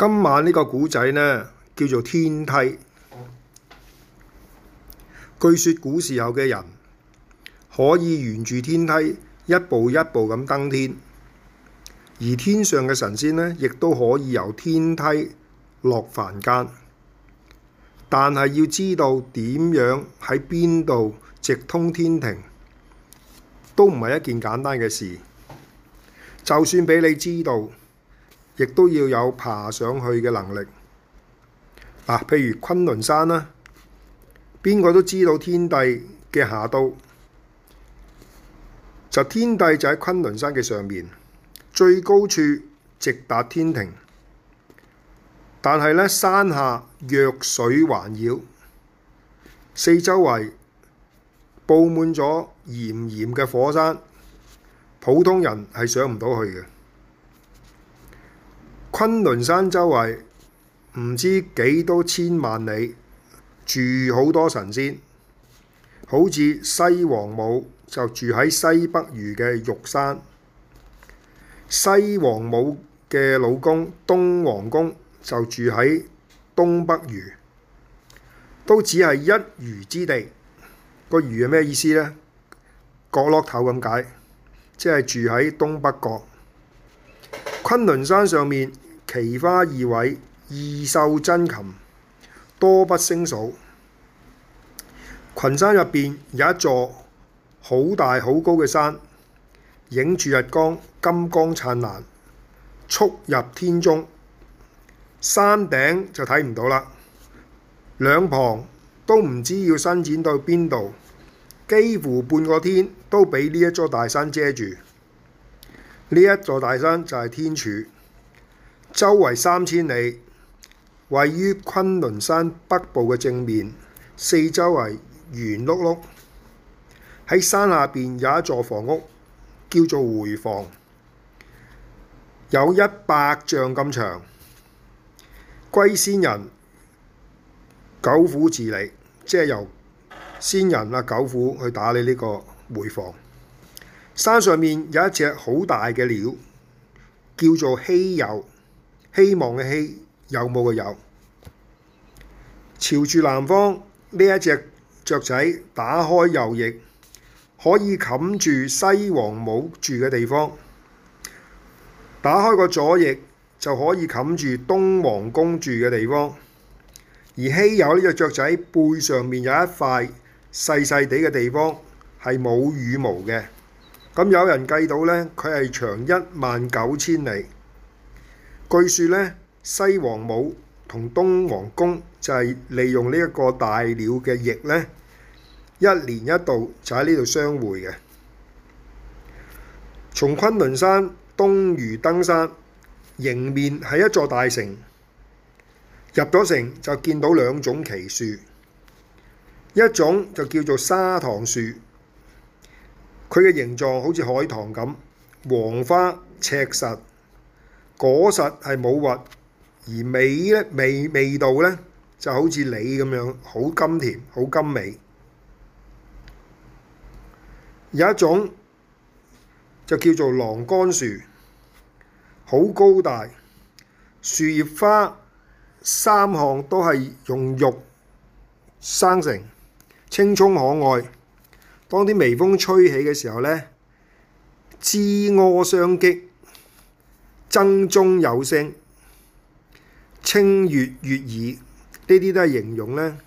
今晚呢個古仔呢，叫做天梯。據說古時候嘅人可以沿住天梯一步一步咁登天，而天上嘅神仙呢，亦都可以由天梯落凡間。但係要知道點樣喺邊度直通天庭，都唔係一件簡單嘅事。就算俾你知道，亦都要有爬上去嘅能力。嗱、啊，譬如昆崙山啦、啊，邊個都知道天帝嘅下都，就天帝就喺昆崙山嘅上面，最高處直達天庭。但係咧，山下弱水環繞，四周圍布滿咗炎炎嘅火山，普通人係上唔到去嘅。昆崙山周圍唔知幾多千萬里，住好多神仙。好似西王母就住喺西北隅嘅玉山，西王母嘅老公東王公就住喺東北隅，都只係一隅之地。個隅係咩意思呢？角落頭咁解，即係住喺東北角。昆崙山上面。奇花異卉，異獸珍禽，多不勝數。群山入面有一座好大好高嘅山，映住日光，金光燦爛，聳入天中。山頂就睇唔到啦，兩旁都唔知要伸展到邊度，幾乎半個天都俾呢一座大山遮住。呢一座大山就係天柱。周圍三千里，位於昆崙山北部嘅正面，四周圍圓碌碌。喺山下邊有一座房屋，叫做回房，有一百丈咁長，歸仙人九府治理，即係由仙人阿九府去打理呢個回房。山上面有一隻好大嘅鳥，叫做稀有。希望嘅希有冇嘅有,有，朝住南方呢一隻雀仔打開右翼，可以冚住西王母住嘅地方；打開個左翼就可以冚住東王公住嘅地方。而希有呢隻雀仔背上面有一塊細細哋嘅地方係冇羽毛嘅，咁有人計到咧，佢係長一萬九千里。據說咧，西王母同東王公就係利用呢一個大鳥嘅翼咧，一年一度就喺呢度相會嘅。從昆崙山東隅登山，迎面係一座大城。入咗城就見到兩種奇樹，一種就叫做沙糖樹，佢嘅形狀好似海棠咁，黃花赤實。果實係冇核，而味咧味，味道呢就好似梨咁樣，好甘甜，好甘美。有一種就叫做琅玕樹，好高大，樹葉花三項都係用肉生成，青葱可愛。當啲微風吹起嘅時候呢，枝柯相擊。爭中有聲，清越悦耳，呢啲都係形容呢，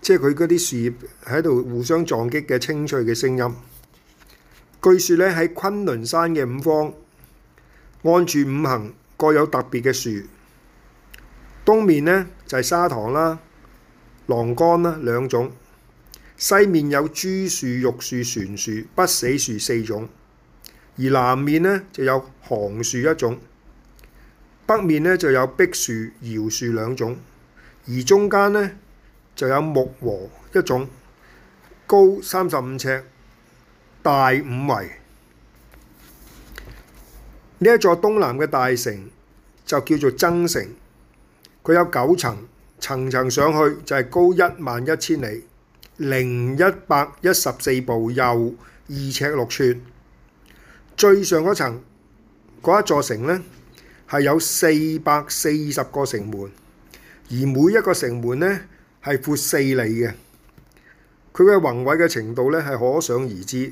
即係佢嗰啲樹葉喺度互相撞擊嘅清脆嘅聲音。據說呢，喺昆侖山嘅五方，按住五行各有特別嘅樹。東面呢，就係、是、沙棠啦、琅玕啦兩種，西面有珠樹、玉樹、璇樹、不死樹四種。而南面呢，就有寒樹一種，北面呢，就有碧樹、瑤樹兩種，而中間呢，就有木禾一種，高三十五尺，大五圍。呢一座東南嘅大城就叫做增城，佢有九層，層層上去就係高一萬一千里，零一百一十四步，又二尺六寸。最上嗰層嗰一座城呢，係有四百四十個城門，而每一個城門呢，係闊四里嘅。佢嘅宏偉嘅程度呢，係可想而知。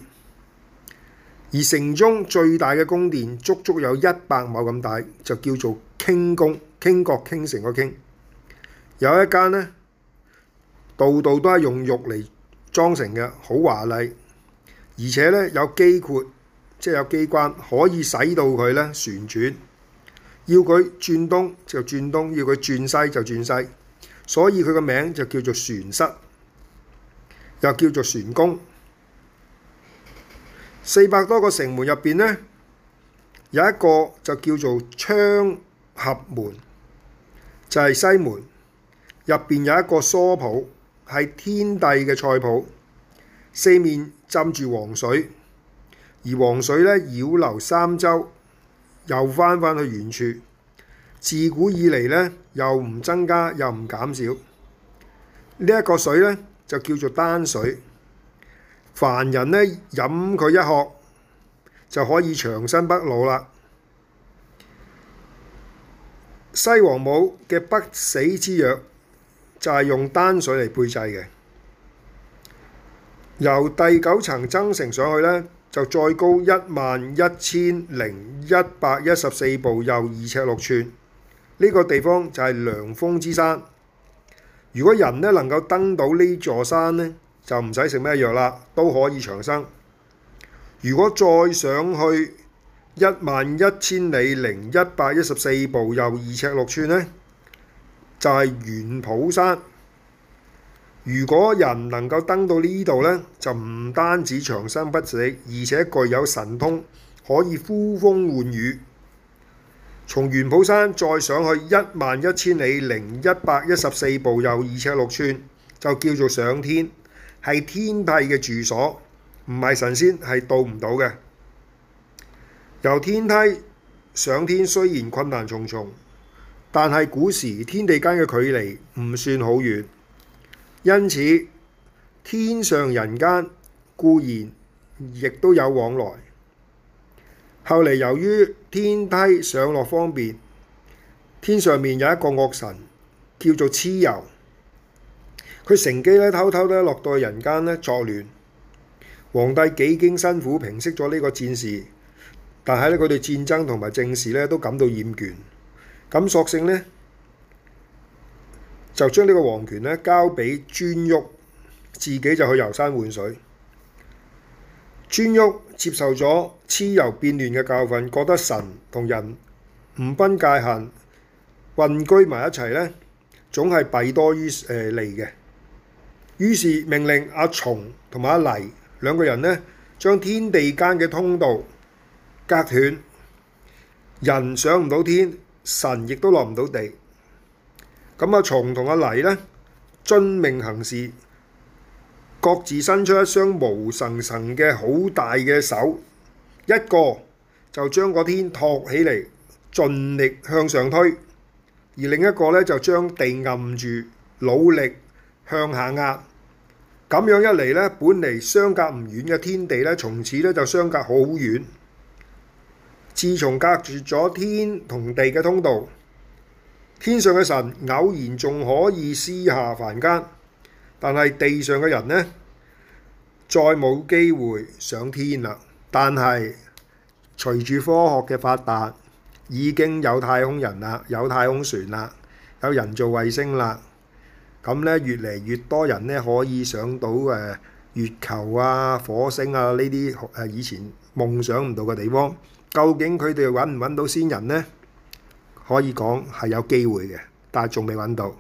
而城中最大嘅宮殿足足有一百畝咁大，就叫做傾宮，傾國傾城個傾。有一間呢，度度都係用玉嚟裝成嘅，好華麗，而且呢，有機括。即係有機關可以使到佢咧旋轉，要佢轉東就轉東，要佢轉西就轉西，所以佢個名就叫做旋室，又叫做旋宮。四百多個城門入邊咧，有一個就叫做閶闔門，就係西門。入邊有一個疏圃，係天帝嘅菜圃，四面浸住黃水。而黃水咧繞流三周，又翻返去原處。自古以嚟咧又唔增加又唔減少，呢、這、一個水咧就叫做丹水。凡人咧飲佢一喝就可以長生不老啦。西王母嘅不死之藥就係、是、用丹水嚟配製嘅。由第九層增城上去咧。就再高一萬一千零一百一十四步又二尺六寸，呢、呢個地方就係涼風之山。如果人呢能夠登到呢座山呢，就唔使食咩藥啦，都可以長生。如果再上去一萬一千里零一百一十四步又二尺六寸呢，就係玄圃山。如果人能夠登到呢度呢，就唔單止長生不死，而且具有神通，可以呼風喚雨。從元埔山再上去一萬一千里，零一百一十四步又二尺六寸，就叫做上天，係天帝嘅住所，唔係神仙，係到唔到嘅。由天梯上天雖然困難重重，但係古時天地間嘅距離唔算好遠。因此，天上人間固然亦都有往來。後嚟由於天梯上落方便，天上面有一個惡神叫做蚩尤，佢乘機呢偷偷呢落到去人間呢作亂。皇帝幾經辛苦平息咗呢個戰事，但係呢佢對戰爭同埋政事呢都感到厭倦，咁索性呢。就將呢個皇權咧交俾顓頊，自己就去遊山玩水。顓頊接受咗蚩尤變亂嘅教訓，覺得神同人唔分界限，混居埋一齊咧，總係弊多於誒利嘅。於是命令阿重同埋阿黎兩個人咧，將天地間嘅通道隔斷，人上唔到天，神亦都落唔到地。咁阿、啊、松同阿、啊、黎咧遵命行事，各自伸出一雙毛神神嘅好大嘅手，一個就將個天托起嚟，盡力向上推；而另一個咧就將地按住，努力向下壓。咁樣一嚟咧，本嚟相隔唔遠嘅天地咧，從此咧就相隔好遠。自從隔住咗天同地嘅通道。天上嘅神偶然仲可以私下凡間，但係地上嘅人呢，再冇機會上天啦。但係隨住科學嘅發達，已經有太空人啦，有太空船啦，有人造衛星啦。咁呢，越嚟越多人呢，可以上到誒月球啊、火星啊呢啲誒以前夢想唔到嘅地方。究竟佢哋揾唔揾到仙人呢？可以講係有機會嘅，但係仲未揾到。